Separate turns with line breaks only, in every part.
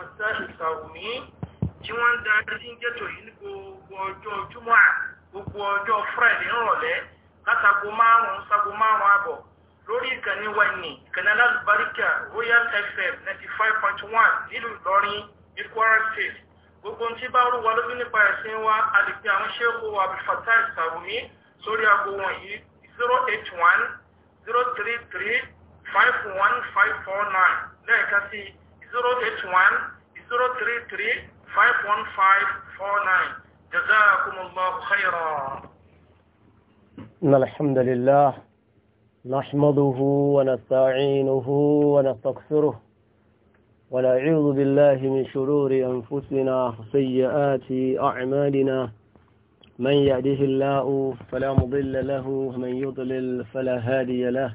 fàtà ìsàwùmí tí wọ́n ń darí sí gẹ́tò yìí ní gbogbo ọjọ́ júmọ́ à gbogbo ọjọ́ friday ńrọ̀lẹ́ látago márùn-ún sago márùn-ún àbọ̀ lórí ìkànnì wẹ̀nì ìkànnì alábàríkà royal fm 95.1, five point one nílùú ìlọrin ní kwara state gbogbo ohun tí bá rú wa lójú nípa ẹ̀sìn wa a lè pe àwọn ṣéèkó abdulfatah ìsàwùmí sórí aago wọ̀nyí zero eight one zero three three five one five four nine lẹ́ẹ̀ka sí 081-033-51549 جزاكم الله خيرا
إن الحمد لله نحمده ونستعينه ونستغفره ونعوذ بالله من شرور أنفسنا وسيئات أعمالنا من يهده الله فلا مضل له ومن يضلل فلا هادي له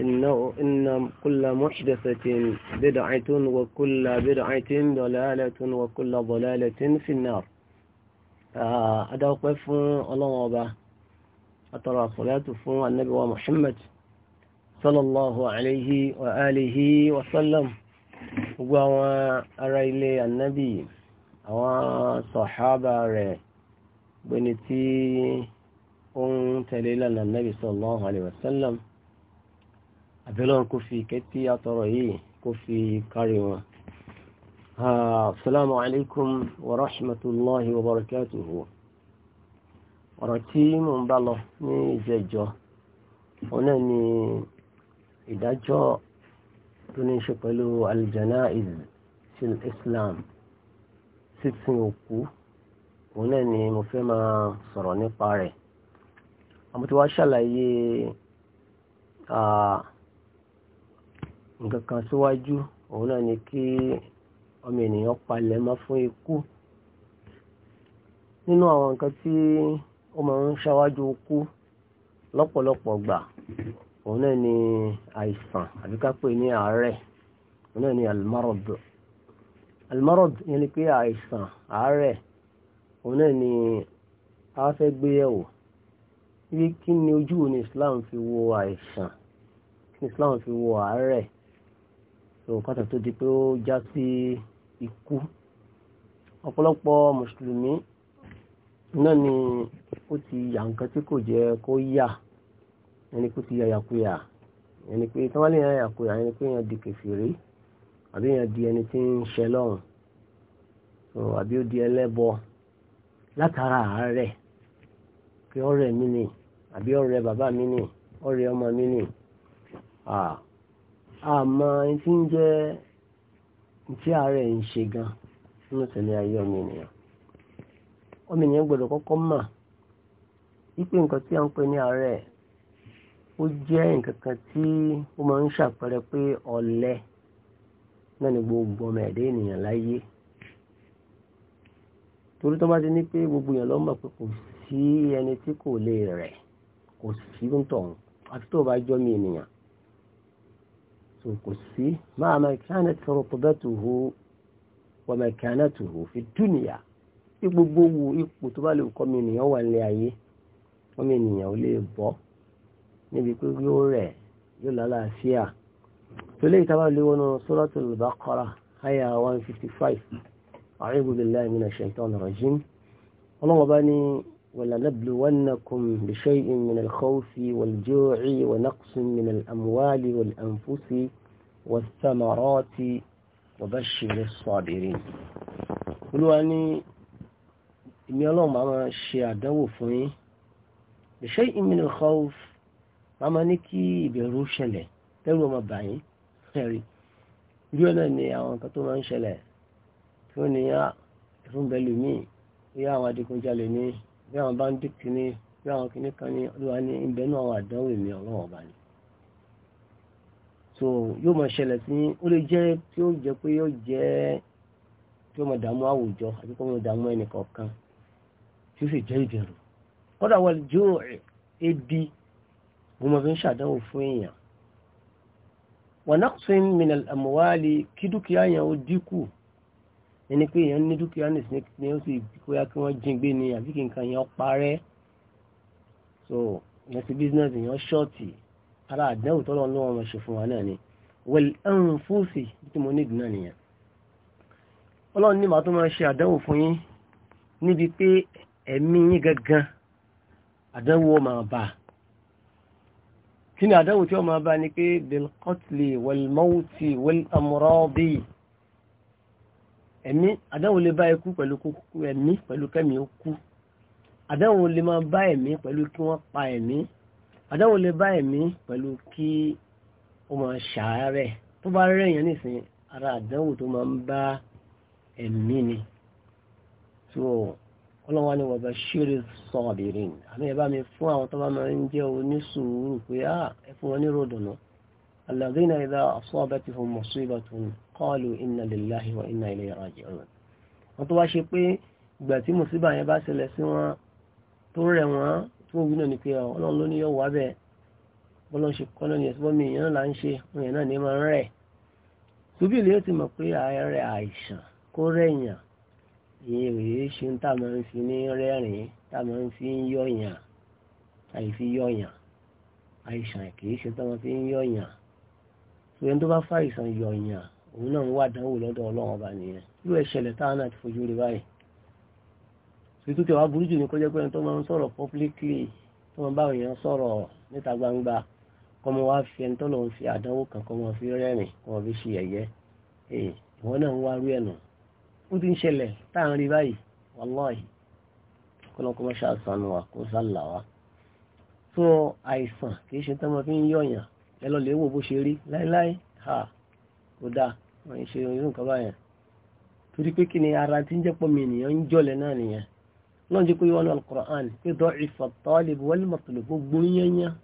إنه إن كل محدثة بدعة وكل بدعة ضلالة وكل ضلالة في النار آه، أدعوك فون الله وبا أترى صلاة فون النبي ومحمد صلى الله عليه وآله وسلم وهو أريل النبي وصحابة رأي بنتي أم ليلة النبي صلى الله عليه وسلم àbẹ̀lọ́n kò fi kẹ́tí àtọ̀rọ̀ yìí kò fi kárí wọn. asalaamu alaykum wa rahmatulahi wa barakatuhu. ọ̀rọ̀ tí mò ń bá lọ ní ìjẹ́jọ́ òun náà ni ìdájọ́ tó ní ṣe pẹ̀lú aljana'iz fil islam sísìn òkú òun náà ni mo fẹ́ máa sọ̀rọ̀ nípa rẹ̀ àmọ́ tí wàá ṣàlàyé. Uh, nǹkan kan síwájú òun náà ni kí ọmọ ènìyàn palẹ̀ mọ́ fún ikú nínú àwọn nǹkan tí ó máa ń ṣáwájú ikú lọ́pọ̀lọpọ̀ gbà òun náà ni àìsàn àbí ká pè ní àárẹ̀ òun náà ni almarod almarod yẹn ni pé àìsàn àárẹ̀ òun náà ni a fẹ́ gbé yẹ̀wò kí ni ojú òní Islam fi wo àìsàn ni Islam fi wo àárẹ̀ òkàtà tó di pé ó já sí ikú ọ̀pọ̀lọpọ̀ mùsùlùmí náà ni ó ti yà nǹkan tí kò jẹ́ kó yà ẹni kó ti yà yàkuyà ẹni pé tí wọ́n lè yà yàkuyà ẹni pé èèyàn di kẹfìrí àbí èèyàn di ẹni tí ń ṣẹ lọ́rùn àbí ó di ẹlẹ́bọ látara àárẹ̀ pé ọ̀rẹ́ mi ni àbí ọ̀rẹ́ bàbá mi ni ọ̀rẹ́ ọmọ mi ni àmọ́ tí ń jẹ́ tí ààrẹ ń ṣe gan nínú tẹ̀lé ayé ọmọ ènìyàn ọmọ ènìyàn gbọ́dọ̀ kọ́kọ́ mà wípé nǹkan tí a ń pè ní ààrẹ ó jẹ́ nǹkan kan tí ó máa ń ṣàpẹẹrẹ pé ọ̀lẹ náà ni gbogbo ọmọ ẹ̀dẹ́ bá ti ní gbogbo èèyàn lọ́mọ̀ pé kò sí ẹni tí kò lè rẹ̀ kò sí ń tọ̀hún àti tó so kò sí máa ma kanat rutbatuhu wa makanatuhu fi dunya tí gbogbo wo ipò tó bá lè kọ́ mi ènìyàn wà nílé ayé wọ́n mi ènìyàn ò lè bọ́ níbi pé yóò rẹ̀ yóò lálàáfíà tó lè tábà lé wọnú suratul Baqara àyà 155 a'udhu billahi minash shaitanir rajim ọlọ́wọ́ bá ní. ولنبلونكم بشيء من الخوف والجوع ونقص من الأموال والأنفس والثمرات وبشر الصابرين قلوا أني إمي الله ماما الشيء عدو فني بشيء من الخوف ماما نكي بروشلة تلو ما بعين خيري يونا ني أوان كتو منشلة توني يا تون بلومي يا وادي كنجالي ني bí àwọn bá ń dí kíní bí àwọn kíní kan ní olúwa ní ibẹ̀ náà wà dánwò èmi ọlọ́run ọba ni so yóò máa ṣẹlẹ̀ sí ó lè jẹ́ tí ó jẹ́ pé yóò jẹ́ tí ó máa dààmú àwùjọ àti kó máa dààmú ẹnì kọ̀ọ̀kan tí ó sì jẹ́ ìbẹ̀rù kódà wọ́n jó ebi wọ́n máa fi ń ṣàdánwò fún èèyàn wọ́n tún mìíràn àmọ́wálì kí dúkìá yẹn ó dínkù ẹni pé èèyàn ní dúkìá nìsín ni ó sì bóyá kí wọ́n jí gbé ni àbí kí nǹkan yẹn parẹ́ so ìyẹn ti business èèyàn ṣọ́ọ̀tì ara àdánwò tọ́lọ́ ní wọn ṣe fún wa náà ni wẹ̀l ẹ̀rùn fúùsì tí mo nídìí náà nìyẹn ọlọ́run ní màá tó máa ṣe àdánwò fún yín níbi pé ẹ̀mí yín gangan àdánwò ọmọ bá kí ni àdánwò tí ọmọ bá ni pé bilkotli wẹ̀l mọ́wùtì wẹ̀l amúrọ́bì. Well, ẹ̀mí àdáwò lè bá ikú pẹ̀lú ẹ̀mí pẹ̀lú kẹ́mi ó kú àdáwò lè máa bá ẹ̀mí pẹ̀lú kí wọ́n pa ẹ̀mí àdáwò lè bá ẹ̀mí pẹ̀lú kí ó máa ṣàárẹ̀ tó bá rẹ̀ yẹn nìsín ara àdáwò tó máa ń bá ẹ̀mí ni tó ọlọ́wọ́ ni wọ́n bá ṣírí sọ́ọ̀bìrín àmì ẹ̀bá mi fún àwọn tó bá máa ń jẹ́ onísùúrù pé ah, ẹ fún wọn ní ròdùnú alladhina idha asabatuhum musibatun qalu inna lillahi wa inna ilayhi raji'un wọ́n tó wá ṣe pé ìgbà tí mùsíbà yẹn bá ṣẹlẹ̀ sí wọn tó rẹ̀ wọ́n tí wọ́n wí náà ni pé ọlọ́run ló ní yọ̀ wá bẹ́ẹ̀ bọ́lọ́n ṣe kọ́ lónìí ẹ̀sìn bọ́mí èèyàn là ń ṣe wọn yẹn náà ní máa ń rẹ̀ ṣùgbọ́n ilé ti mọ̀ pé ààrẹ àìsàn kó rẹ̀yàn ìyẹn rèé ṣe ń tà máa ń fi ní rẹ́rìn-ín tà máa ń fi yọ̀yàn àìsàn kì í ṣe tà máa fi ń yọ̀yàn ṣùgbọ́n tó bá fà yọ̀yàn òun náà ń wá dánwò lọ́dọ̀ ọlọ́run ọba nìyẹn irú ẹ̀ṣẹ̀lẹ̀ táwọn náà ti fojú rí báyìí tuntun tí wàá burú jù ní kọjá pé ẹni tó máa ń sọ̀rọ̀ publicly tó máa ń bá èèyàn sọ̀rọ̀ níta gbangba kọ́ mọ wá fi ẹni tó lọ́n fi àdánwò kan kọ́ mọ fi rẹ́rìn kọ́ mọ fi ṣe ẹ̀yẹ ìwọ náà ń wá rú ẹ̀nà ó ti ń ṣẹlẹ̀ táwọn rí ń yọ̀yàn ẹ lọ lè wò bó ha kò dáa wọ́n ṣe irú nǹkan báyẹn torí pé kí ni ara tí ń jẹ́ pọ̀ mi ń jọlẹ̀ náà nìyẹn lọ́n jẹ́ pé wọ́n al-Qur'an pé dọ́ ìfọ̀tọ́lẹ̀ wọ́lùmọ̀tòlù gbogbo yẹnyẹn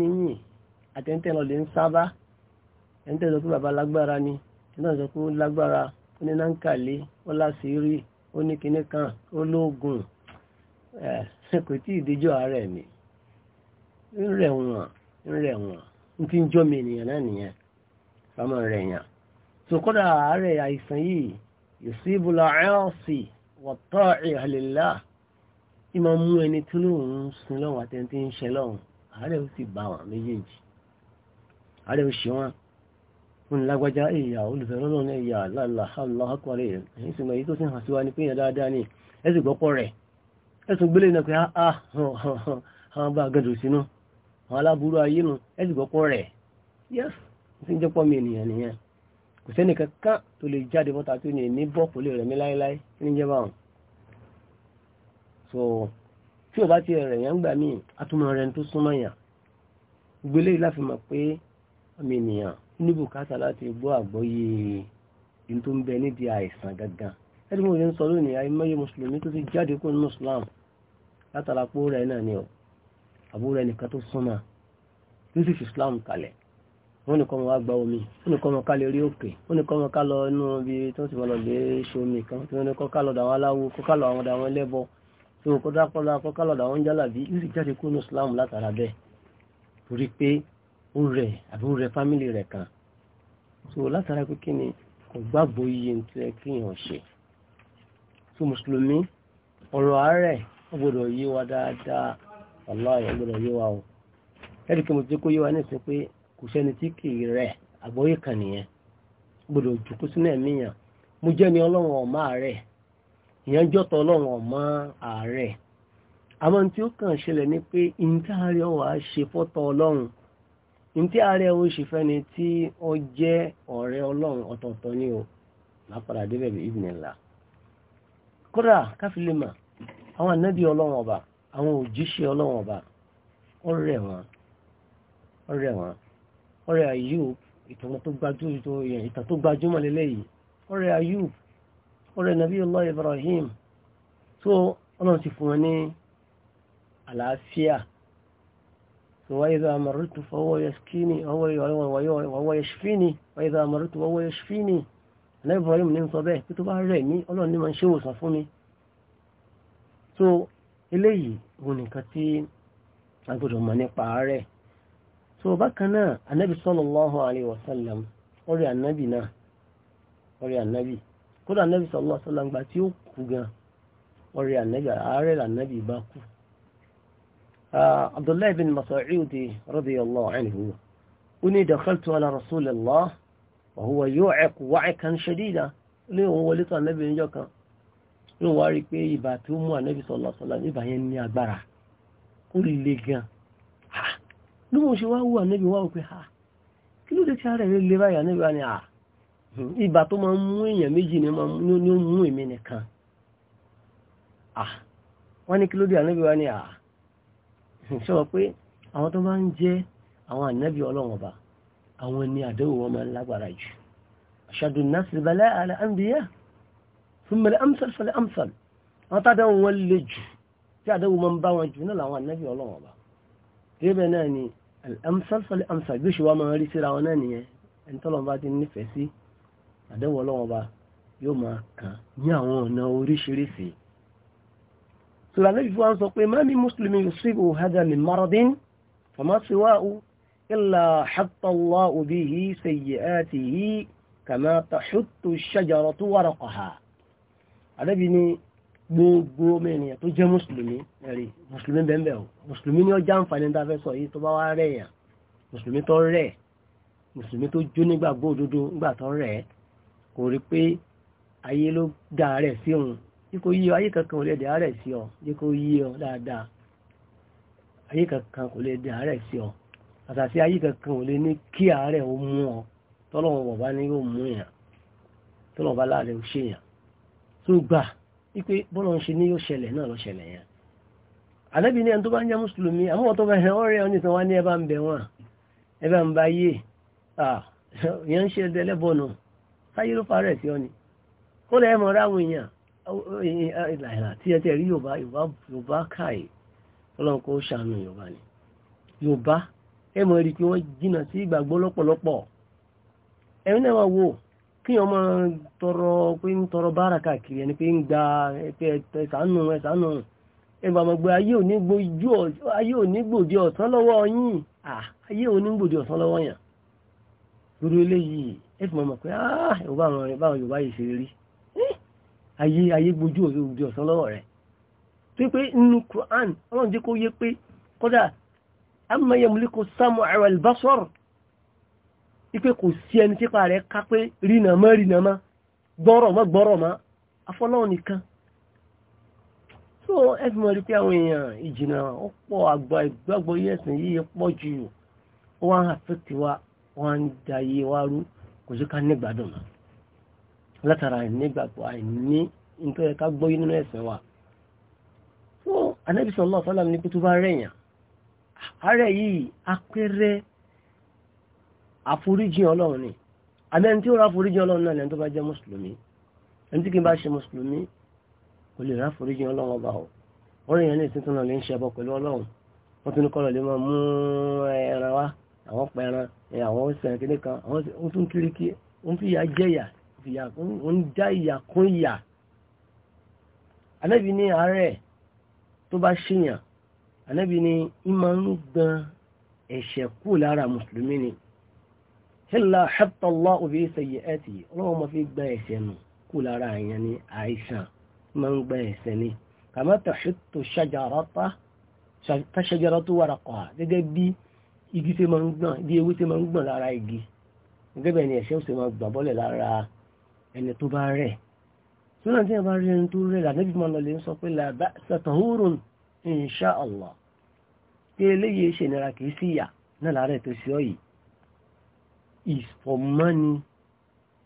ń sábà sọ pé bàbá lágbára ni sọ pé lágbára ó ní ó láṣìírí ó ní kinní kan ó lóògùn ẹ̀ kò tí ì déjọ́ ààrẹ mi ń rẹ̀ wọ̀n ń rẹ̀ wọ̀n ń ti ń sòkòdà ààrẹ àìsàn yìí yòsíbùlà ẹ́ọ̀sì wọ̀tọ́ ìhàlélá ìmọ̀ mú ẹni tó lóun sin lọ́wọ́ àtẹ̀ntì ń ṣe lọ́wọ́ ààrẹ ó sì bá wọn méjèèjì ààrẹ ó ṣe wọn fún lágbájá ìyá olùfẹ́ràn náà ìyá aláàláàkọ́rẹ́ ẹ̀yìn sì mọ̀ èyí tó sì hàn síwá pé yẹn dáadáa ni ẹ sì gbọ́pọ̀ rẹ̀ ẹ sì gbélé náà pé áá ah, ah, àwọn bá gẹ̀dọ̀ sínú àwọn aláburú ayé nu ẹ sì gbọ́pọ̀ rẹ̀ yẹ́sì ń jẹ́pọ̀ mi ènìyàn nìyẹn kò sẹ́ni kankan tó lè jáde bọ́ta tó ní ní bọ́ kò lè rẹ̀ mí láéláé ní jẹ́ báwọn so tí o bá ti rẹ̀ yàn gbà míì atúmọ̀ rẹ̀ tó súnmọ́ yàn gbélé yìí láfi mọ̀ pé ọmọ ènìyàn ní bùkátà láti gbọ́ àgbọ́yé ìlú tó ń bẹ nídìí àìsàn gangan ẹni mo ní sọ lónìí àìmọye mùsùlùmí tó ti jáde kó nínú Islam látara pé rẹ̀ náà ni ọ àbúrò ẹnìkan tó súnmọ́ tó sì fi Islam kalẹ̀ wọ́n ní kọ́ wọn wá gba omi wọ́n ní kọ́ wọn ká lè rí òkè wọ́n ní kọ́ wọn ká lọ inú ibi tó ti wọ́n lọ lè ṣe omi kan tí wọ́n ní kọ́ ká lọ́dọ̀ àwọn aláwo kọ́ ká lọ àwọn ọ̀dọ̀ àwọn ẹlẹ́bọ tí wọ́n kọ́ dákọ́lá kọ́ ká lọ́dọ̀ àwọn jálàbí yóò sì jáde kúrò ní Islam látara bẹ́ẹ̀ torí pé ó rẹ̀ àbí ó rẹ̀ fámìlì rẹ̀ kan so látara pé kí ni kò gbàgbọ́ iye tó yẹ kí èèyàn ṣe so mùsùlùmí ọ̀rọ̀ àárẹ̀ ó gbọ́dọ̀ yé wa dáadáa wàláhì ó gbọ́dọ̀ yé wa o ẹ̀rí kò sẹ́ni tí kì í rẹ̀ àgbọ́yé kan nìyẹn gbọ́dọ̀ jùkú sínú ẹ̀mí yàn jẹ́ ni ọlọ́run ọmọ rẹ̀ ìyẹn jọ́tọ̀ ọlọ́run ọmọ ààrẹ àmọ́ tí ó kàn ṣẹlẹ̀ ni pé ìǹtí ààrẹ ṣe fọ́tọ̀ ọlọ́run ààrẹ ò ṣe fẹ́ni tí ó jẹ́ ọ̀rẹ́ ọlọ́run o lápàdà débẹ̀ bí ọba àwọn òjíṣẹ́ ọlọ́run ọba ọ̀rẹ́ wọn ọ̀rẹ́ Ayub ìtàn tó gbajúmọ̀ ìtàn tó gbajúmọ̀ lélẹ́yìí ọ̀rẹ́ Ayub ọ̀rẹ́ Nabiyullah Ibrahim tó ọlọ́run ti fún wọn ní àlàáfíà tó wa idha marutu fa huwa yaskini wa yashfini wa idha marutu fa huwa yashfini ẹ̀nà Ibrahim ní sọ bẹ́ẹ̀ tó bá rẹ̀ mí ọlọ́run ní máa ṣe òsàn fún mi tó eléyìí òun nìkan tí a gbọ́dọ̀ nípa rẹ̀ so bákan náà anabi sallallahu alayhi wa sallam orí anabi náà orí anabi kódà anabi sallallahu alayhi wa sallam gba tí ó kú gan orí anabi ààrẹ anabi bá kú ah, abdullahi bin mas'ud radiyallahu anhu ó ní dakhaltu ala rasulillah wa huwa yu'iq wa'ikan shadida ní òun wọlé tó anabi níjọ́ kan ní wọ́n rí pé ibà tó mú anabi sallallahu alayhi wa ibà yẹn ní agbára ó le gan bí mo ṣe wá wù ànẹ́bí wá wò pé ha ah, kí ló dé tí ara rẹ̀ lè báyà ànẹ́bí wá ní à ah, ibà tó máa ń mú èèyàn méjì ni ó mú èmi nìkan ah, wọ́n ní kí ló dé ànẹ́bí wá ní à ṣe wọ́n pé àwọn tó máa ń jẹ́ àwọn ànẹ́bí ọlọ́run ọba àwọn ni àdéhùn wọn máa ń lágbára jù ashadu an-nas bala'a al-anbiya thumma al-amthal fal-amthal àwọn tádàwọn wọn le jù tí àdéhùn wọn bá wọn jù náà làwọn ànẹ́bí ọlọ́run débẹ̀ náà ni amsal fal amsal bí ṣùgbọ́n máa rí síra wọn náà nìyẹn ẹni tọ́lọ́n bá ti nífẹ̀ẹ́ sí àdẹ́wọ̀ ọlọ́wọ́n bá yóò máa kàn ní àwọn ọ̀nà oríṣiríṣi. sọ̀rọ̀ alẹ́ ìfowó sọ pé má mi mùsùlùmí yusibu hadha min maradin fama siwahu illa hatta Allahu bihi sayyi'atihi kama tahuttu ash-shajaratu waraqaha. àdẹ́bí ni gbogbo ọmọ ènìyàn tó jẹ́ mùsùlùmí ẹ̀rí mùsùlùmí bẹ́ẹ̀ o mùsùlùmí ni ó já nfààní ní tafẹ́ sọ yìí tó bá wá rẹ̀ yàn mùsùlùmí tó rẹ̀ mùsùlùmí tó jó nígbàgbọ́ òdodo nígbà tó rẹ̀ kò rí pé ayé ló dá rẹ̀ sí òun bí kò yí ọ ayé kankan ò lè dá rẹ̀ sí ọ bí kò yí ọ dáadáa ayé kankan kò lè dá rẹ̀ sí ọ àtàtì ayé kankan ò lè ní kí àárẹ̀ ó mú ọ tọ́lọ́wọ́n bàbá ni yóò mú yàn tọ́lọ́wọ́n bá láàrin ó ṣèyàn tó gbà ipe bọ́lọ̀ ń ṣe ní yóò ṣẹlẹ̀ náà ló ṣẹlẹ̀ yẹn àlẹ́bí ní ẹni tó bá ń jẹ́ mùsùlùmí àwọn tó bá ẹ̀ ọ́rẹ́ ọ nìkan wá ní ẹbá ń bẹ̀ wọ́n ẹbá ń bá yé ìyẹn ń ṣe ẹlẹ́bọ̀nù sáyé ló parẹ́ sí ọ ni kó lẹ́ mọ̀ ráwọn èèyàn ìlànà tí ẹ tẹ́ rí yorùbá yorùbá káì ọlọ́run kó ṣàánú yorùbá ni yorùbá ẹ mọ̀ rí pé wọ́n jìnnà sí ìgbàgbọ́ lọ́pọ̀lọpọ̀ ẹ̀rín náà wò kí ọmọ tọrọ pé ń tọrọ bára káàkiri ẹni pé ń gba ẹ̀sánù ẹ̀sánù ẹ̀bà mọ̀gbẹ́ ayé onígbòdì ọ̀sán lọ́wọ́ yín ayé onígbòdì ọ̀sán lọ́wọ́ yàn lórí eléyìí ẹ̀fì mọ̀ pé ọba ah, àwọn báwọn Yorùbá yìí ṣe rí eh, ayé ayé gbójú òdi ọ̀sán lọ́wọ́ rẹ̀ tó pé nínú Quran ọlọ́run jẹ́ kó yé pé kódà amma yamliku sam'a wal basar ipe kò sí ẹni típa rẹ̀ ká pé rìnà mọ́ rìnà mọ́ gbọ́rọ̀ mọ́ gbọ́rọ̀ mọ́ afọ́lọ́wọ́ nìkan tó ẹbí mọ́ rí pé àwọn èèyàn ìjìnà àgbà ìgbàgbọ́ pọ̀ tiwa wa rú kò sí ká nígbàdùn mọ́ látara àìní nítorí wa anábìsọ̀ ní tó bá rẹ̀yàn àárẹ̀ yìí àforíjì ọlọ́run ni àbẹ́ni tí ó ráforíjì ọlọ́run náà lẹ́ni tó bá jẹ́ mùsùlùmí ẹni tí kì í bá ṣe mùsùlùmí kò lè ráforíjì ọlọ́run ọba o wọ́n rìn yẹn ní ìsìn tó náà lè ń ṣe ẹbọ pẹ̀lú ọlọ́run wọ́n tún ní kọ́lọ̀ lè máa mú ẹran wá àwọn pa ẹran àwọn sẹ̀rìn kéde kan àwọn tún kiri kí ó ń fi ìyà jẹ ìyà ó ń já ìyà kún ìyà ànábì ní àárẹ̀ tó bá ṣèyàn ànábì ní ìmọ̀ ń gbọn ẹ̀ṣẹ̀ kù lára mùsùlùmí ni hẹ́lá hẹ́tọ́lá òbí ṣèyí ẹ̀ tì ọlọ́wọ́ máa fi gba ẹ̀ṣẹ̀ nù kú lára àyàn ní àìsàn máa ń gba ẹ̀ṣẹ̀ ni kàmá tàṣètò ṣàjàrà tó wàrà kọ́ gẹ́gẹ́ bí igi ṣe máa ń gbọ̀n bí ewé ṣe máa ń gbọ̀n lára igi gẹ́gẹ́ bẹ́ẹ̀ ni ẹ̀ṣẹ̀ ó ṣe máa gbà bọ́lẹ̀ lára ẹni tó bá rẹ̀ sọ́nà tí a bá rí ẹni tó rẹ̀ lànàbí máa lọ lè sọ pé làbá sàtàhúrùn inṣáàlá pé eléyìí ṣènira kìí síyà náà láàárẹ̀ tó ṣe ọ́ yìí ìfọ̀mọ́ni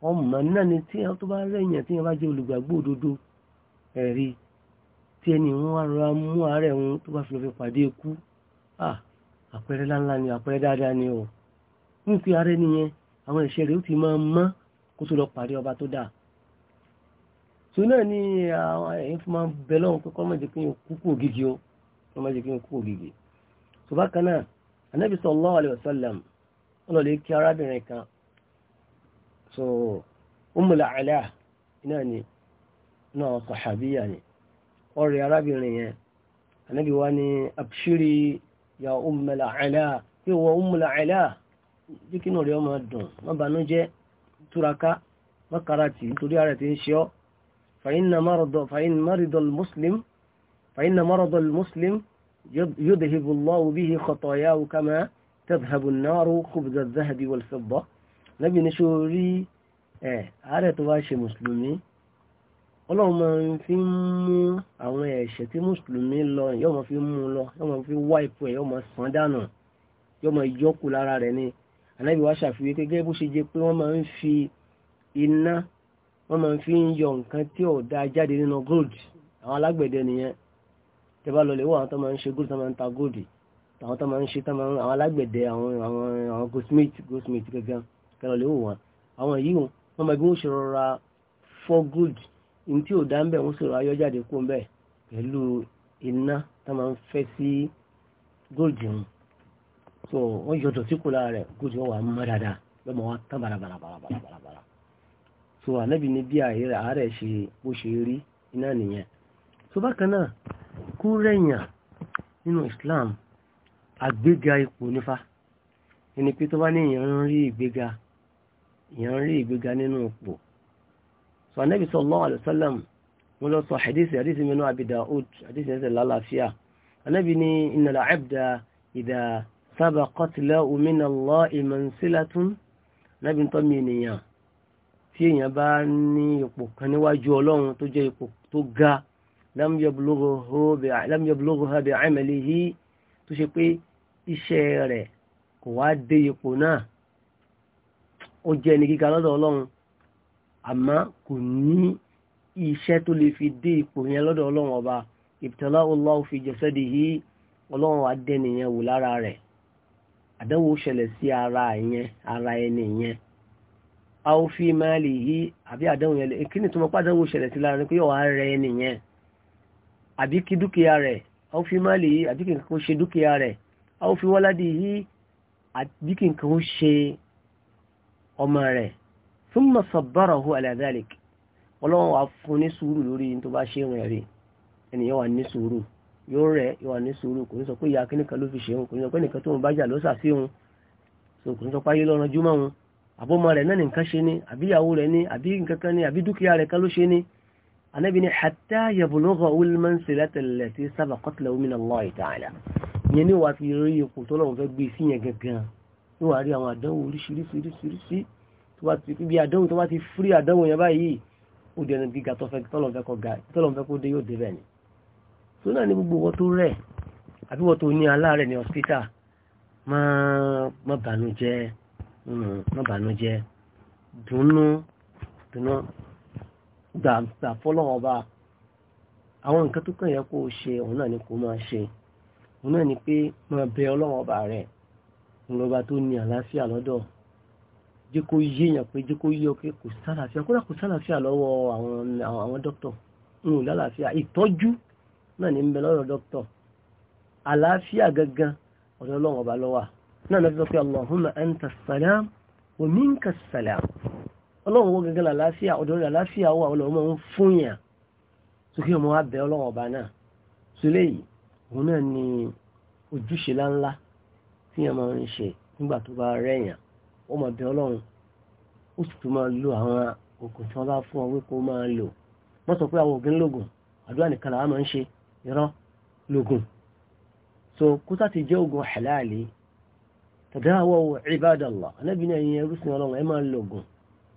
ọmọ náà ni tí wọ́n tó bá rẹ̀yìn tí wọ́n bá jẹ́ olùgbàgbọ́ òdodo ẹ̀rí tí ẹni wọn wá rọra mú ààrẹ wọn tó bá fi lọ́ọ́ fi pàdé ikú àpẹẹrẹ láńlá ni àpẹẹrẹ dáadáa ni ọ̀ ń pe ààrẹ nìyẹn àwọn ẹ̀ṣẹ̀ rẹ̀ ó ti máa mọ́ kó tó lọ pàdé ọba tó dáa tó náà ni àwọn ẹ̀yìn fún máa bẹ lọ́wọ́ pé kọ́ mọ̀jẹ̀ kí o kọ́ mọ̀jẹ̀ kí n kúkú ògidì tó bá kan wọ́n lọ lè kí arábìnrin kan so umula ala náà ni náà sàhàbíyà ni wọ́n rí arábìnrin yẹn anábì wá ní abṣírí ya umula ala pé wọ́n umula ala jíkínú rẹ̀ ọmọ dùn má banújẹ́ túraká mọ́kàrà tí nítorí ara ti ń ṣe ọ́ فإن مرض فإن مرض المسلم فإن مرض المسلم يذهب الله به خطاياه كما tadhhabu an-naru qubdha adh-dhahabi wal-fidda Nábì ní ṣe orí ẹ̀ àárẹ̀ tó bá ṣe mùsùlùmí ọlọ́run máa ń fi ń mú àwọn ẹ̀ṣẹ̀ tí mùsùlùmí lọ yóò máa fi mú un lọ yóò máa fi wá ipò ẹ̀ yóò máa sàn dànù yóò máa yọkù lára rẹ̀ ni Ànábì wa ṣàfiwé gẹ́gẹ́ bó ṣe jẹ́ pé wọ́n máa ń fi iná wọ́n máa ń fi ń yọ nǹkan tí ò da jáde nínú gold àwọn alágbẹ̀dẹ nìyẹn tẹ́ bá lọ lè wọ́n àwọn tó máa ń ṣe gold tó máa ń ta gold yìí àwọn tó máa ń ṣe tó máa ń àwọn alágbẹ̀dẹ àwọn àwọn àwọn goldsmith goldsmith gangan kẹlọ lè wò wọn àwọn yìí wọn máa bí wọn ṣe rọra for good ní tí ò dá ń bẹ wọn ṣe rọra yọ jáde kó ń bẹ pẹ̀lú iná tó máa ń fẹ́ sí gold yìí so wọn yọ dọ̀tí kó lára rẹ gold yìí wọn wà á mọ dáadáa lọmọ wa tán barabara barabara barabara so ànábì ní bí àárẹ̀ ṣe bó ṣe rí iná nìyẹn so bákan náà kú rẹ̀yàn nínú Islam àgbéga ipò nífa ẹni pé tó bá ní èèyàn ń rí ìgbéga èèyàn ń rí ìgbéga nínú ipò sọ anábì sallallahu alaihi wasallam wọn lọ sọ hadisi hadisi mẹnu Abi Daud hadisi ẹsẹ lálàáfíà anábì ní innal abda idha sabaqat lahu minallahi mansilatun anábì tó mi ènìyàn tí èèyàn bá ní ipò kan níwájú Ọlọ́run tó jẹ́ ipò tó ga lam yablughuha bi 'amalihi tó ṣe pé iṣẹ́ rẹ̀ kò wá dé ipò náà ó jẹ́ ní gíga lọ́dọ̀ ọlọ́run àmọ́ kò ní iṣẹ́ tó lè fi dé ipò yẹn lọ́dọ̀ ọlọ́run ọba ìbítọ́lá ọlọ́run fi jẹ́sẹ́dì yìí ọlọ́run adẹ́nìyẹn wò lára rẹ̀ àdánwò ṣẹlẹ̀ sí ara yẹn ara ẹni yẹn fi máa lè yí àbí àdánwò yẹn lè kí ni pàdánwò ṣẹlẹ̀ sí lára ni pé àwọn fi wọ́ládì yìí àbí kí nǹkan ó ṣe ọmọ rẹ̀ thumma sabbarahu ala dhalik ọlọ́wọ́n wà fún ní sùúrù lórí tó bá ṣe ìrìn rẹ̀ ènìyàn wà ní sùúrù yóò rẹ̀ yóò wà ní sùúrù kò ní sọ pé ìyá kíníkan ló fi ṣe òun kò ní sọ pé nìkan tó ń bá jà ló ṣàfihàn so kò ní sọ pé ayé lọ́rọ̀ júmọ́ òun àbọ́mọ rẹ̀ náà nìkan ṣe ni àbí ìyàwó rẹ̀ ni àbí nǹkan kan ni àbí dúkìá rẹ̀ kan ló ṣe ni Ànábì ní hatta yablugha al-manzilata allati sabaqat lahu min Allah ta'ala ìyẹn ní wàá fi rí ipò tó lọ́wọ́ fẹ́ gbé sí yẹn gangan ní wàá rí àwọn àdánwò oríṣiríṣiríṣiríṣi tó bá ti bí àdánwò tó bá ti fírí àdánwò yẹn báyìí ó dẹnu gíga tó lọ́n fẹ́ kó dé yóò dé ni tó náà ní gbogbo wọn tó rẹ̀ àbí wọn tó ní aláàrẹ̀ ní hospital má bànújẹ́ má bànújẹ́ dùnnú dùnnú gbà fọ́lọ́wọ́ bá àwọn nǹkan tó kàn yẹ kó ṣe òun náà ni kó máa ṣe òun náà ni pé máa bẹ ọlọ́run ọba rẹ̀ ńlọba tó ní àlàáfíà lọ́dọ̀ jẹ́ kó yéèyàn pé jẹ́ kó yé ọ pé kò sálàáfíà kódà kò sálàáfíà lọ́wọ́ àwọn dókítà ń ò lálàáfíà ìtọ́jú náà ní ń bẹ lọ́dọ̀ dókítà àlàáfíà gangan ọ̀dọ̀ ọlọ́run ọba lọ́wà náà lọ́dọ̀ pé Allahumma anta salam wa minka salam ọlọ́run wọ́n gangan làlàáfíà ọ̀dọ̀ làlàáfíà wà ọlọ́run máa ń fún yàn sókè ọmọ wa bẹ ọlọ́run ọba náà sólè òun náà ni ojúṣe láńlá tí èèyàn máa ń ṣe nígbà tó bá rẹ̀yàn ó máa bẹ ọlọ́run ó sì tún máa lo àwọn oògùn tí wọ́n bá fún ọ wí kó máa lò wọ́n sọ pé àwọn ògùn lògùn àdúrà nìkan làwọn máa ń ṣe irọ́ lògùn so kó sá ti jẹ́ oògùn halali tadawaw ibadallah anábì ní ẹ̀yin ẹrú sin ọlọ́run ẹ máa lògùn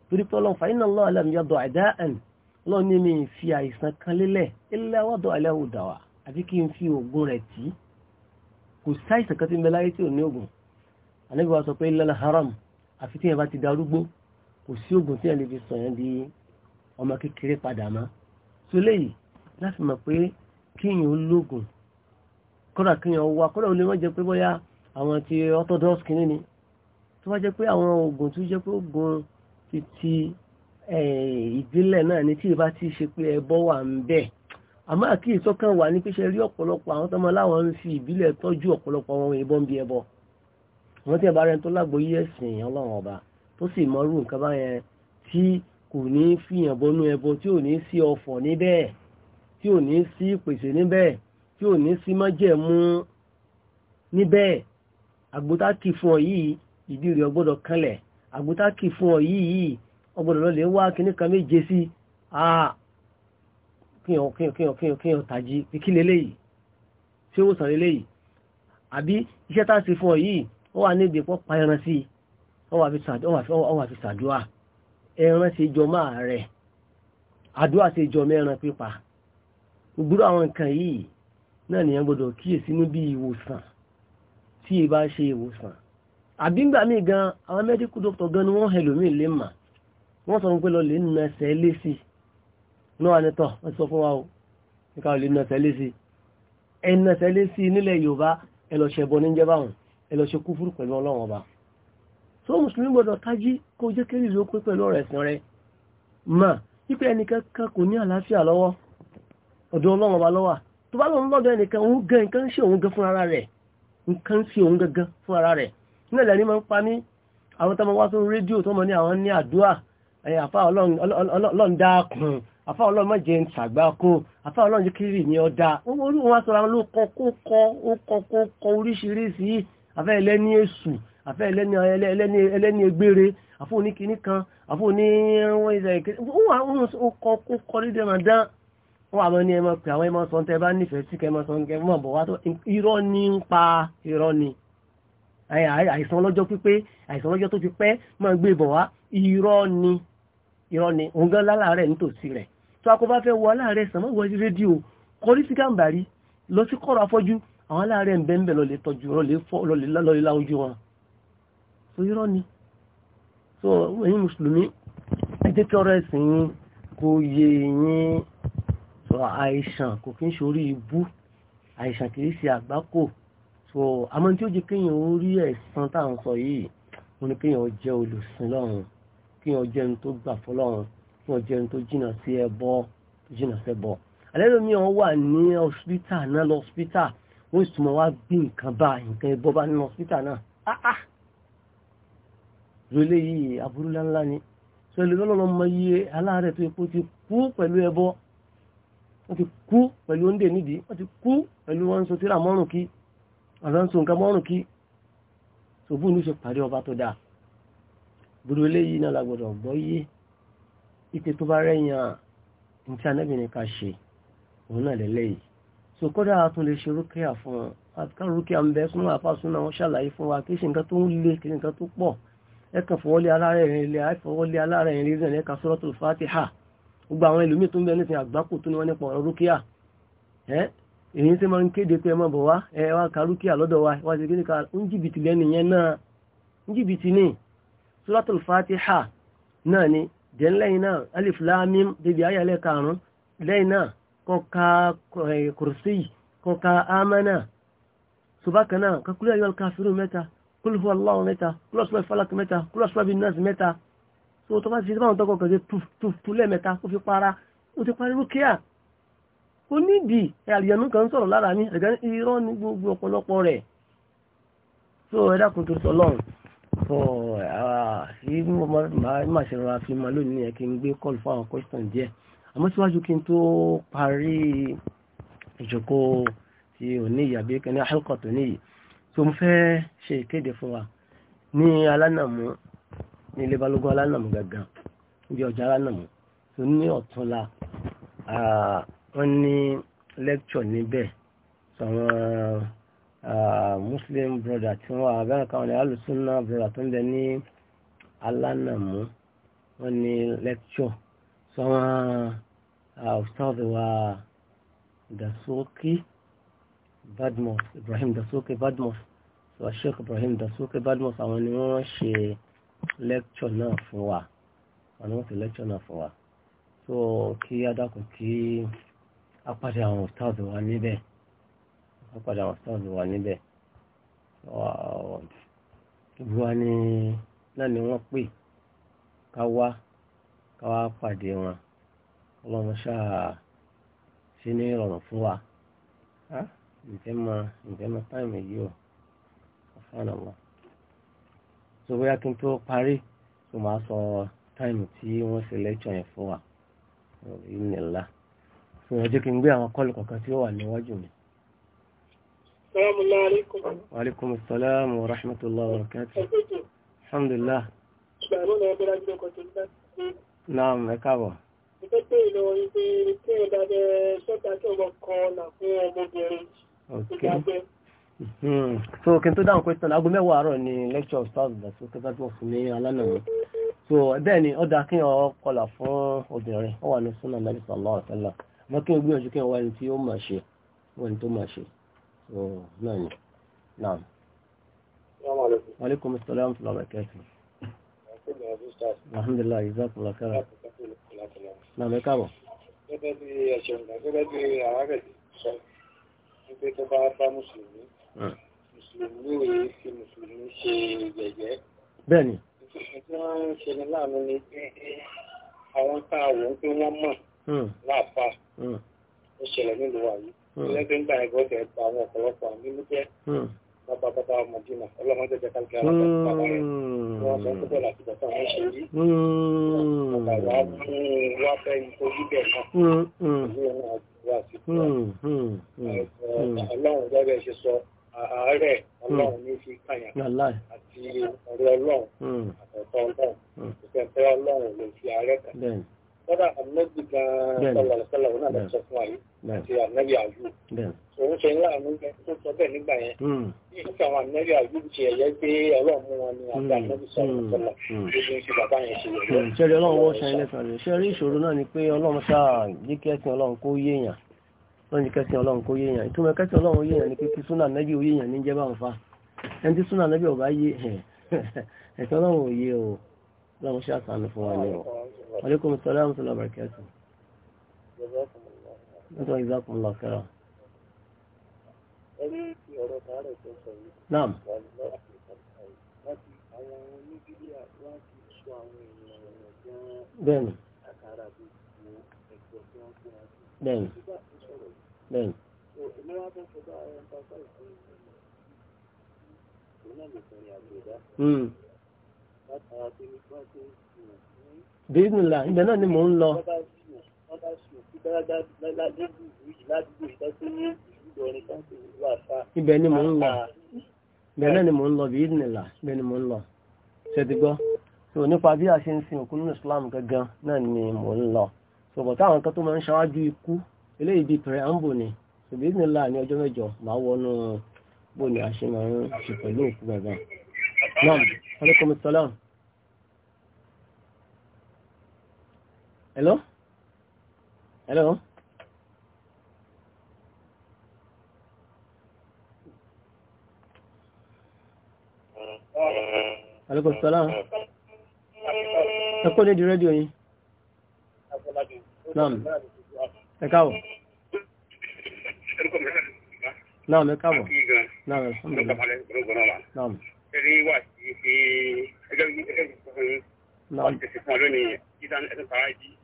torí pé ọlọ́run fa inna Allah lam yada'u da'an ọlọ́run ní mi fi àìsàn kan lélẹ̀ illa wada'a lahu dawa àbí kí n fi oògùn rẹ̀ tí kò sáìsàn kan tí ń bẹ láyé tí ò ní oògùn ànábì wa sọ pé lọ́la haram àfi tí yẹn bá ti darúgbó kò sí oògùn tí yẹn lè fi sọ̀yàn di ọmọ kékeré padà mọ́ tó léyìí láti mọ̀ pé kíyàn ológun kódà kíyàn wá kódà ó lè wọ́n jẹ́ pé bóyá àwọn ti orthodox kìíní ni tó bá jẹ́ pé àwọn oògùn tó jẹ́ pé oògùn ti ti ìbílẹ̀ náà ni tí ìbá ti ṣe pé ẹbọ wà ń bẹ́ẹ̀ àmọ́ àkíyèsọ́ kan wà ní pẹ́ṣẹ́ rí ọ̀pọ̀lọpọ̀ àwọn tọ́mọ láwọn ń fi ìbílẹ̀ tọ́jú ọ̀pọ̀lọpọ̀ wọn ìbọn bí ẹbọ wọn tí ẹ bá rẹ tó lágbóyé ẹ̀sìn ọlọ́run ọba tó sì mọrú nǹkan báyẹn tí kò ní fìyàn bọnú ẹbọ tí ò ní sí ọ̀fọ̀ níbẹ̀ tí ò ní sí pèsè níbẹ̀ tí ò ní sí májẹ̀mú níbẹ̀ àgbótá fún ọ yìí ìdí rẹ̀ ọgbọ́dọ̀ kanlẹ̀ àgbótá fún ọ yìí ọgbọ́dọ̀ lọ wá kíní kan méje sí ah, kíyàn kíyàn kíyàn kíyàn kíyàn tàjí pé kí leléyìí ṣé ó sàn leléyìí àbí iṣẹ́ tá a fún ọ yìí ó wà ní ìdìpọ̀ pa sí i ó wà fi ṣàdúrà ẹran ṣe jọ máa rẹ̀ àdúrà ṣe jọ mẹ́ran pípa gbúrú àwọn nǹkan yìí náà nìyẹn gbọdọ̀ kíyèsí níbi ìwòsàn tí ì bá ṣe ìwòsàn àbí ń gbà mí gan àwọn mẹ́díkù dókítà gan ni wọ́n hẹlòmíì lè mà wọ́n sọ pé lọ lè nà ẹsẹ̀ lé sí i náà ni tọ́ ẹ sọ fún wa o níka ò lè nà tẹ́lẹ̀ sí ẹ nà tẹ́lẹ̀ sí nílẹ̀ yorùbá ẹ lọ ní jẹba wọn ẹ lọ pẹ̀lú ọlọ́run ọba so mùsùlùmí gbọdọ̀ tají kó jẹ́ kéré ìlú pé pẹ̀lú ọ̀rọ̀ ẹ̀sìn rẹ mà wípé ẹnìkan kan kò ní àlàáfíà lọ́wọ́ ọ̀dọ̀ ọlọ́run ọba lọ́wà tó bá lọ́n lọ́dọ̀ ẹnìkan òun gan nǹkan ń ṣe òun gan fúnra rẹ̀ ṣe òun afá ọlọ́run má jẹ́ ń tàgbá kó afá ọlọ́run jẹ́ kiri ní ọ̀dà orí wọn sọ̀rọ̀ àwọn olókọ kó kọ ó kọ kó kọ oríṣiríṣi afẹ́ ẹlẹ́ni èṣù afẹ́ ẹlẹ́ni ẹlẹ́ni ẹlẹ́ni egbére afọ́ oníkiní kan afọ́ oní wọ́n ìṣẹ̀ ìkéde wọ́n ó kọ kó kọ ní dẹ́mọ̀dán wọ́n àwọn ẹni ẹmọ pé àwọn ẹmọ sọ tẹ bá nífẹ̀ẹ́ sí kẹmọ sọ kẹ mọ̀ bọ̀ wá tó irọ́ ní ń pa irọ́ ni àìsàn ọlọ́jọ́ pípé àìsàn ọlọ́jọ́ tó ti pẹ́ máa gbé bọ̀ wá irọ́ ni irọ́ ni òun gan lálàá rẹ̀ nítòsí rẹ̀ tó akọ bá fẹ́ wọ aláàrẹ sàmọ́ wọ rédíò kọrí sí gàǹbàrí lọ sí kọ́rọ̀ afọ́jú àwọn aláàrẹ ń so irọ́ ni so ẹ̀yin mùsùlùmí so àìsàn kò kí ń ṣorí ibú àìsàn kì ṣe àgbákò so àmọ́ tí ó jẹ́ kéèyàn ó rí ẹ̀san tá à ń sọ yìí mo ní kéèyàn jẹ́ olùsìn lọ́run kéèyàn jẹ́ ẹni tó gbà fọlọ́run wọn jẹ́ ní tó jìnà sí ẹbọ tó jìnà sí ẹbọ alẹ́ lómi wọn wà ní hospital náà lọ hospital wọ́n sì mọ̀ wá gbé nǹkan bá nǹkan ẹbọ bá ní hospital náà áá rẹlẹ́ yìí aburú ńláńlá ni sọ èlò mọ iye aláàárẹ̀ tó epo ti kú pẹ̀lú ẹbọ wọ́n ti kú pẹ̀lú oúnjẹ nídìí wọ́n ti kú pẹ̀lú wọn ń so tíra mọ́rùn kí ọ̀rọ̀ ń so nǹkan mọ́rùn kí ṣòbú ní ṣe pàdé ọba tó dáa gbogbo eléyìí náà la gbọ́dọ̀ gbọ́ ìpè tó bá rẹ̀yàn nítí anábìnrin ká ṣe òun náà lẹ́lẹ́ yìí so kódà a tún lè ṣe rúkìá fún wọn àtúkà rúkìá ń bẹ súnmọ́ àfàsúnà wọn ṣàlàyé fún wa kí ṣe nǹkan tó ń le kí nǹkan tó pọ̀ ẹ kàn fọwọ́lé alára ẹ̀rin ilẹ̀ àìfọwọ́lé alára ẹ̀rin ilẹ̀ ẹ̀ka suratul Fatiha gbogbo àwọn ẹlòmíì tó ń bẹ nísìnyí àgbákò tó ní wọn nípa ọ̀rọ̀ ẹ èyí tí máa ń kéde pé ẹ máa bọ̀ wá ẹ wá ka rúkìá lọ́dọ̀ wa wá sí kíníkà ń jìbìtì lẹ́nu yẹn náà ń jìbìtì ní suratul Fatiha náà ni dẹ̀ lẹ́yìn alif lamim bíbi ayẹlẹ́ karùn-ún lẹ́yìn náà kọ́ka eh, kùrùsí kọ́ka amánà ṣùgbọ́n náà kakúlẹ̀ ayọ́ káfíìrù mẹ́ta kúlù fún aláwọ̀ mẹ́ta kúlù ọ̀ṣọ́ ìfọlák mẹ́ta kúlù ọ̀ṣọ́ ìbí nọ́ọ̀sì mẹ́ta tó tó bá ti ṣe báwọn tọkọ kẹ̀kẹ́ tùtù lẹ́ẹ̀mẹ́ta o fi para ó ti o rúkìá ó nídìí àlìyànú kan sọ̀rọ̀ lára mi ẹ̀gá irọ́ ní gbogbo ọ̀pọ̀lọpọ̀ rẹ̀ tó ẹ̀dá kùn tó sọ lọ́rùn so yìí ah, má ṣe rọra fi máa lónìí yẹn kí n gbé kọ́ọ̀lù fún àwọn question díẹ̀ àmọ́ síwájú kí n tó parí ìjòkó tí ò ní ìyàbí wa ní alánàmú ní ilé balógun alánàmú gangan níbi ọjà ah, lecture níbẹ̀ sọ̀rọ̀. Ah, muslim brother tí wọ́n abẹ́rẹ́ kan ní alùsùnà brother tó ń bẹ ní alánàmú wọ́n ní lecture sọ wọ́n ọ̀sán wa dasoki badmus ibrahim dasoki badmus sọ sheikh ibrahim dasoki badmus àwọn ni wọ́n ṣe lecture náà fún wa àwọn wọ́n ṣe lecture náà fún wa so kí adákùn kí apàdé àwọn ọ̀sán wa níbẹ̀ wọ́n padà wọ́n sọ́ọ̀dù wà níbẹ̀ ìbú wa ni náà ni wọ́n pè ká wá ká wá pàdé wọn ọlọ́run ṣáà ṣe ní ìrọ̀rùn fún wa ǹjẹ́ máa ǹjẹ́ máa táìmù yìí o ọ̀fàànà wọn. tó bóyá kí n tó parí tó máa sọ táìmù tí wọ́n ṣe lẹ́tọ̀ yẹn fún wa ìnìlá. fún ọjọ́ kí n gbé àwọn kọ́ọ̀lù kọ̀ọ̀kan tí ó wà níwájú mi.
السلام عليكم
وعليكم السلام ورحمة الله وبركاته الحمد لله نعم أكابا Okay. Hmm. so kí n tó dáhùn question aago mẹ́wàá àárọ̀ ni lecture of stars that so kẹta tó fún ní alánàmọ́ so bẹ́ẹ̀ ni ọ̀dà kí ọ kọlà fún obìnrin ó wà ní sunnah nàbí sallallahu alaihi wasallam mọ́ kí n gbìyànjú kí n wá ẹni tí ó máa ṣe wọ́n tó máa ṣe náà ni náà. Aleykum salaam wa barakatuh. Alhamdulillah, Izakunla kára. Náà mẹ́ka bọ̀.
Gẹ́gẹ́ bí ẹ̀ṣẹ̀ ńlá, gẹ́gẹ́ bí àárẹ̀ sọ, wípé tó bá bá Mùsùlùmí, hmm. Mùsùlùmí ò yẹ fi Mùsùlùmí ṣe yẹ̀yẹ́. Bẹ́ẹ̀ni. Ìṣẹ̀lẹ̀ wọn ń ṣe ní láàánú ni pé àwọn tá a wò ó pé wọ́n mọ̀ hmm. láàpá. Hmm. Ó ṣẹlẹ̀ nílùú wa yìí lẹ́gbẹ̀ẹ́ nígbà ẹ̀gbọ́ tẹ̀ pa àwọn ọ̀pọ̀lọpọ̀ nínú jẹ́ bàbá bàbá mọ̀jìnà ọlọ́mọdé jẹ́ kálukẹ́ bàbá rẹ̀ wọ́n sọ púpọ̀ láti bàtà wọn ṣe yìí bàbá wa fún wa fẹ́ nítorí bẹ́ẹ̀ náà ọlọ́run gẹ́gẹ́ ṣe sọ ààrẹ ọlọ́run ní fi kàyàn àti ọ̀rẹ́ ọlọ́run àtọ̀tọ̀ ọlọ́run ìfẹ́ ọlọ́run ló fi ààrẹ kàn kọ́dà ànábì gan-an sọ̀rọ̀sọ̀rọ̀ òun náà sọ fún ayé àti ànábì àyù òun ṣe ń lá àánú tó sọ bẹ́ẹ̀ nígbà yẹn hmm. bí ìṣe àwọn ànábì àyù ṣe ẹ̀yẹ́ pé ọlọ́run wọn ni àti hmm.
ànábì sọ̀rọ̀sọ̀rọ̀ gbogbo
ìṣe bàbá yẹn ṣe yẹn. Hmm. ṣé
rí ọlọ́run wọ́n ṣe ilé sọ̀rọ̀ ṣé rí ìṣòro náà ni pé ọlọ́run ṣáà jí kẹ́sìn ọlọ́run kó yéèyàn wọ́n ní kẹ́sìn ọlọ́run kó yéèyàn ìtumọ̀ kẹ́sìn ọlọ́run yéèyàn ni pé kí súnà nẹ́bí ò yéèyàn ní jẹ́ bá ẹni tí súnà nẹ́bí ò bá yé ẹ̀sìn ọlọ́run ò yé o ọlọ́run ṣe àṣàánú fún wa ni o aleykum salaam tó lọ́wọ́ kẹ́tù. nítorí ìzákun lọ kẹ́rọ.
naam. bẹ́ẹ̀ni. bẹ́ẹ̀ni. bẹ́ẹ̀ni.
Mm bíbélà ibẹ̀ náà ni mò ń lọ.
ibẹ̀ ni mò ń lọ
ibẹ̀ náà ni mò ń lọ bíbélà ibẹ̀ ni mò ń lọ ṣètìgbọ́ so nípa bí a ṣe ń sin òkú nínú Islam gangan náà ni mò ń lọ so bọ̀ kan tó máa ń ṣáájú ikú eléyìí bíi preamble ni so bíbélà ní ọjọ́ mẹ́jọ máa wọnú bóni a ṣe pẹ̀lú òkú gangan. Naam, alaikum salaam. Hello? Hello? Aleykum salaam. Ẹ kó lédi rédíò yìí.
Naam. Ẹ káwọ̀.
Naam, ẹ káwọ̀. Naam, alhamdulillah. Naam.
Ẹ ní wà sí ẹgbẹ́ ẹgbẹ́ ìgbẹ́ ìgbẹ́ ìgbẹ́ ìgbẹ́
ìgbẹ́ ìgbẹ́
ìgbẹ́ ìgbẹ́ ìgbẹ́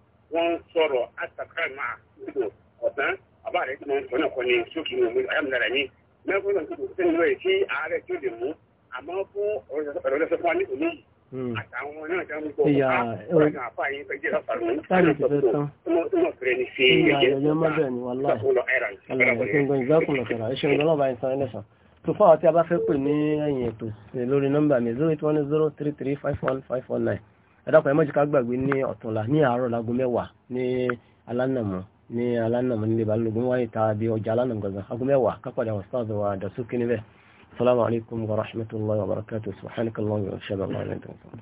wọ́n sọ̀rọ̀ asàkà máa gbogbo ọ̀tán àbá rẹ̀ tí mo ń sọ náà kọ́ ni sókè mi yín mẹ́fún náà tó sẹ́ni lóye tí ààrẹ tó lè mú àmọ́ fún ọ̀rọ̀ ní òní àtàwọn náà a bá fẹ́
pè ní ẹ̀yìn ètò lórí nọ́mbà mi zero eight one zero three three five one five one nine ẹ̀dàpọ̀ ẹ̀ mọ́jìká gbàgbé ní ọ̀túnla ní àárọ̀ lágún mẹ́wàá ní alánàmú ní alánàmú nílé balógun wáyé ta bí ọjà alánàmú gangan agún mẹ́wàá kápàdé àwọn sáàdù wa dàsókè níbẹ̀ salamu alaykum wa rahmatulahi wa barakatuh subhanahu wa ta'ala